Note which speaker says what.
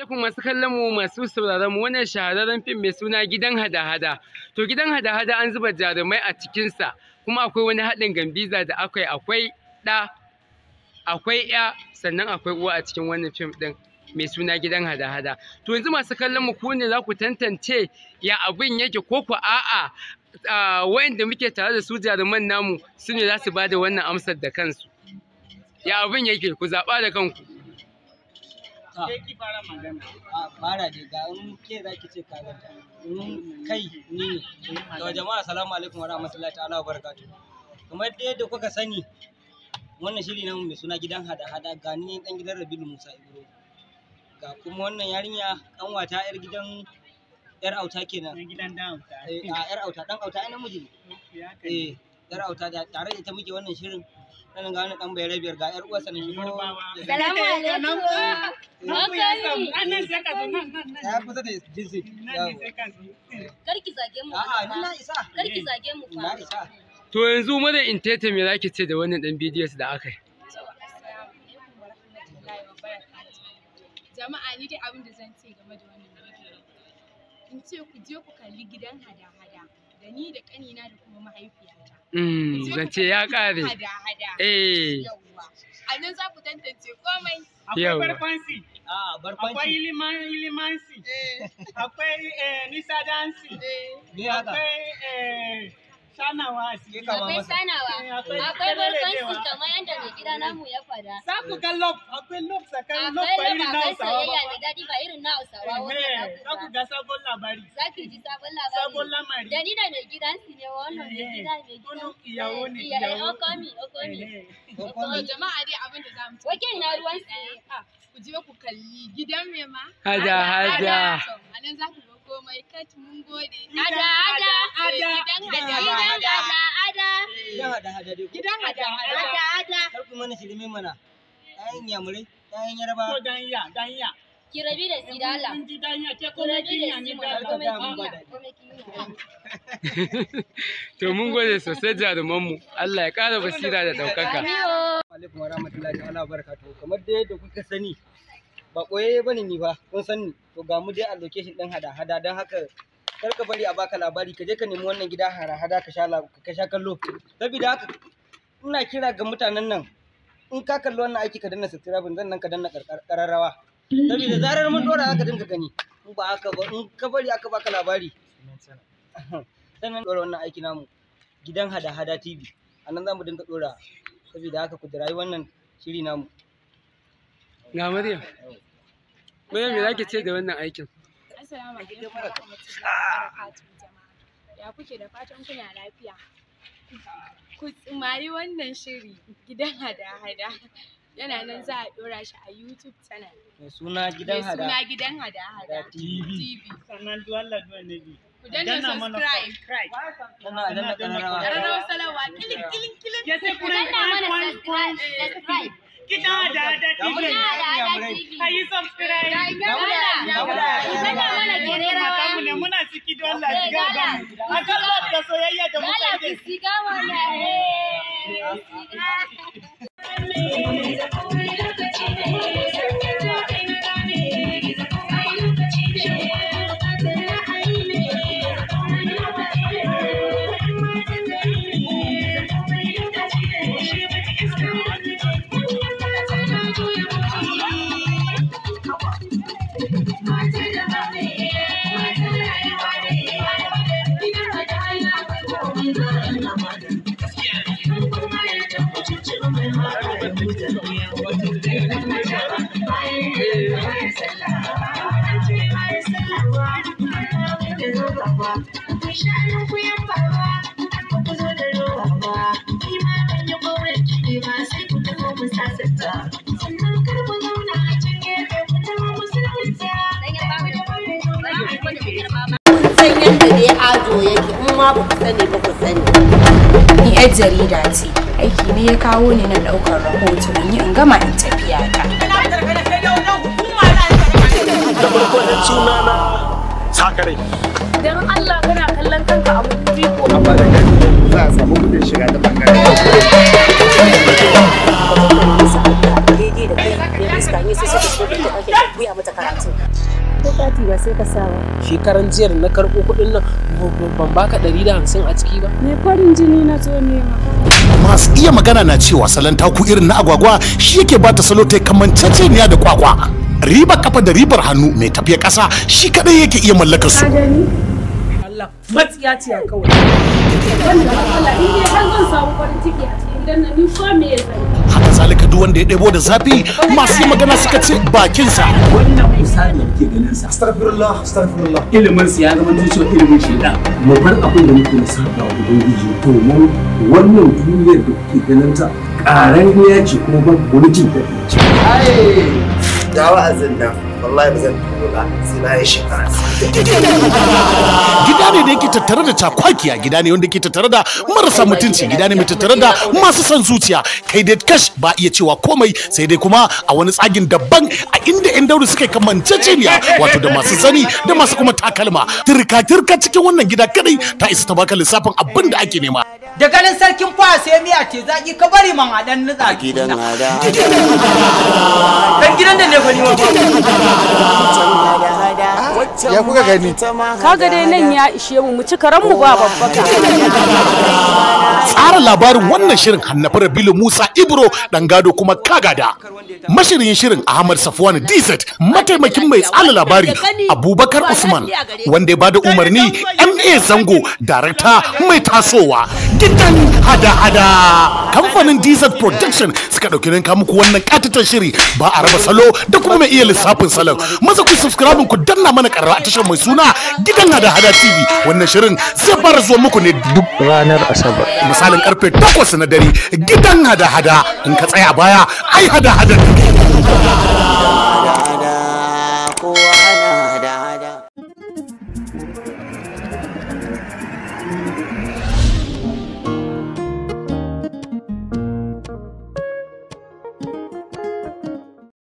Speaker 1: Assalamu masu kallon mu masu sauraron mu wannan shahararren fim mai suna gidan hada-hada. To gidan hada-hada an zuba jarumai a cikinsa kuma akwai wani haɗin gambiza da akwai akwai ɗa akwai ya sannan akwai uwa a cikin wannan fim din mai suna gidan hada-hada. To yanzu masu kallon mu ku ne za ku tantance ya abin yake ko ku a'a wayanda muke tare da su jaruman namu su ne za su ba da wannan amsar da kansu. Ya abin yake ku zaɓa da kanku.
Speaker 2: Ah. ke fara magana
Speaker 1: ah, fara dai ga in ke zaki ce ka ga kai ni to jama'a assalamu alaikum wa rahmatullahi ta'ala wa barakatuh kamar dai da kuka sani wannan shiri namu mai suna gidan hada-hada ga ni dan gidan Rabilu Musa Ibro ga kuma wannan yarinya dan wata yar gidan yar auta kenan gidan dan auta eh a yar auta dan auta ai namiji eh garauta da tare da ita muke wannan shirin nan ga wani dan bayar biyar ga yar uwarsa ne salamu alaikum nan sai ka zo nan nan ya kusa da jinsi karki zage mu a'a ni na isa karki zage mu fa to yanzu mada in me zaki ce da wannan dan bidiyos da aka yi jama'a ni dai abin da zan ce game da wannan in ce ku je ku kalli gidan hada-hada da ni da kanina da kuma mahaifiyata Mm, zance ya ƙare eh a nan za ku tantance komai akwai barkwansi ah, akwai ilimansi eh. akwai eh, nisa dansi eh. akwai sanawa akwai sanawa eh, akwai barkwanci kamar yadda mai gida namu ya fada za ku ga
Speaker 2: lob akwai lob tsakanin lob ba irin na hausawa ba mai
Speaker 1: daɗi ba irin na hausawa wanda za ku
Speaker 2: ga sabon labari
Speaker 1: za ji sabon labari sabon lamari da ni da mai gida, su ne wannan mai gida mai gida iyawo ne eh, iyawo okomi oh, okomi oh, oh, jama'a dai abin da za mu ci na ruwan tsaye eh, ah, ku je ku kalli gidan mai ma haja haja a nan za ku komai kat mun gode ada ada ada gidan hada ada
Speaker 2: gidan hada ada ada ada
Speaker 1: da si da Allah ya ke da to mun gode sosai jaruman mu Allah ya kara basira da daukaka oh. alaikum warahmatullahi kamar da yadda kuka sani ba koyayye ba ni ba kun san ni to ga mu dai a location din hada hada dan haka kar ka bari a baka labari ka je ka nemi wannan gida hara hada ka sha ka sha kallo saboda haka ina kira ga mutanen nan in ka kalli wannan aiki ka danna subscribe zan nan ka danna kararrawa saboda zarar mun dora haka dinga gani in ba haka ba in ka bari aka baka labari sannan dora wannan aiki namu gidan hada hada tv a nan za mu dinga dora saboda haka ku dirayi wannan shiri namu Ga Maryam. Maryam me zaki ce da wannan aikin? Assalamu alaikum wa rahmatullahi Ya kuke da fatan kuna lafiya? Ku tsumari wannan shiri gidan hada-hada. Yana nan za a dora shi a YouTube channel. Mai suna gidan hada. Mai suna gidan hada-hada. TV. Sannan duwalla duwa ne bi. Ku danna subscribe. subscribe danna ƙararrawa. Ƙararrawa Ku danna mana subscribe. Kita da da TV. Kita da da TV. Kayi subscribe. mana gerera wa. Kamu muna ciki don Allah ki ga ga. Akan da soyayya da muka siga
Speaker 2: baba shanun yan ba da rowa yi ba ku ne in ba
Speaker 1: ku ni yar jarida ce aiki ne ya kawo ni na ɗaukar rahoto ni in gama in tafiya
Speaker 2: ta. Ina da hukuma na da suna sakare dan Allah kana kallon kanka a mutunci ko amma da kai za a samu kudin shiga ta bangare daidai da kai ne iska ne sai suka da ake mata karatu
Speaker 1: ko kati ba sai ka sa ba shekaran jiyar na karɓo kuɗin nan ban baka ɗari da hamsin a ciki ba me farin jini na zo nema
Speaker 2: masu iya magana na cewa salon taku irin na agwagwa shi yake ba ta salo ta kamanceceniya da kwakwa riba kafa da ribar hannu mai tafiya ƙasa shi kadai yake iya mallakar su Allah matsiya ce kawai
Speaker 1: wanda Allah in dai har zan samu farin ciki a cikin gidan nan ni ko me
Speaker 2: haka zalika duk wanda ya ɗebo da zafi masu magana suka ce bakinsa wannan misali ke ganin sa astaghfirullah astaghfirullah ilimin sa ya zama zuciya ilimin shaidan mu bar abin da muke saba wa ubangiji to mu wannan duniyar da kuke ganin ta ƙaran ya ce kuma ba wani jin daɗi ce ga wa'azin nan wallahi tuno ba sai na yi shekara gida ne da yake tattare da cakwakiya gida ne wanda ke tattare da marasa mutunci gida ne mai tattare da masu son zuciya kai dai kash ba iya cewa komai sai dai kuma a wani tsagin daban a inda yan dauri suka kamanceceniya wato da masu sani da masu kuma takalma turka turka cikin wannan gida kadai ta isa ta baka lissafin abin da ake nema da ganin sarkin fa sai miya ce zaki ka bari man hadan nutsa gidan hada dan gidan da ne fa ni ya kuka gani
Speaker 1: kaga dai nan ya ishe mu mu ci karan mu ba babbaka
Speaker 2: tsara labarin wannan shirin hannafar bilu musa ibro dan gado kuma kagada mashirin shirin ahmad safwan dz mataimakin mai tsara labari abubakar usman wanda ya bada umarni ma zango darakta mai tasowa gidan hada-hada kamfanin dz production suka ɗauki kamu muku wannan katatar shiri ba a raba salo da kuma mai iya lissafin salon maza ku subscribe ku danna mana karara a tashar mai suna gidan hada-hada tv wannan shirin zai fara zuwa muku ne duk ranar asabar misalin karfe takwas na dare gidan hada-hada in ka tsaya baya ai hada-hada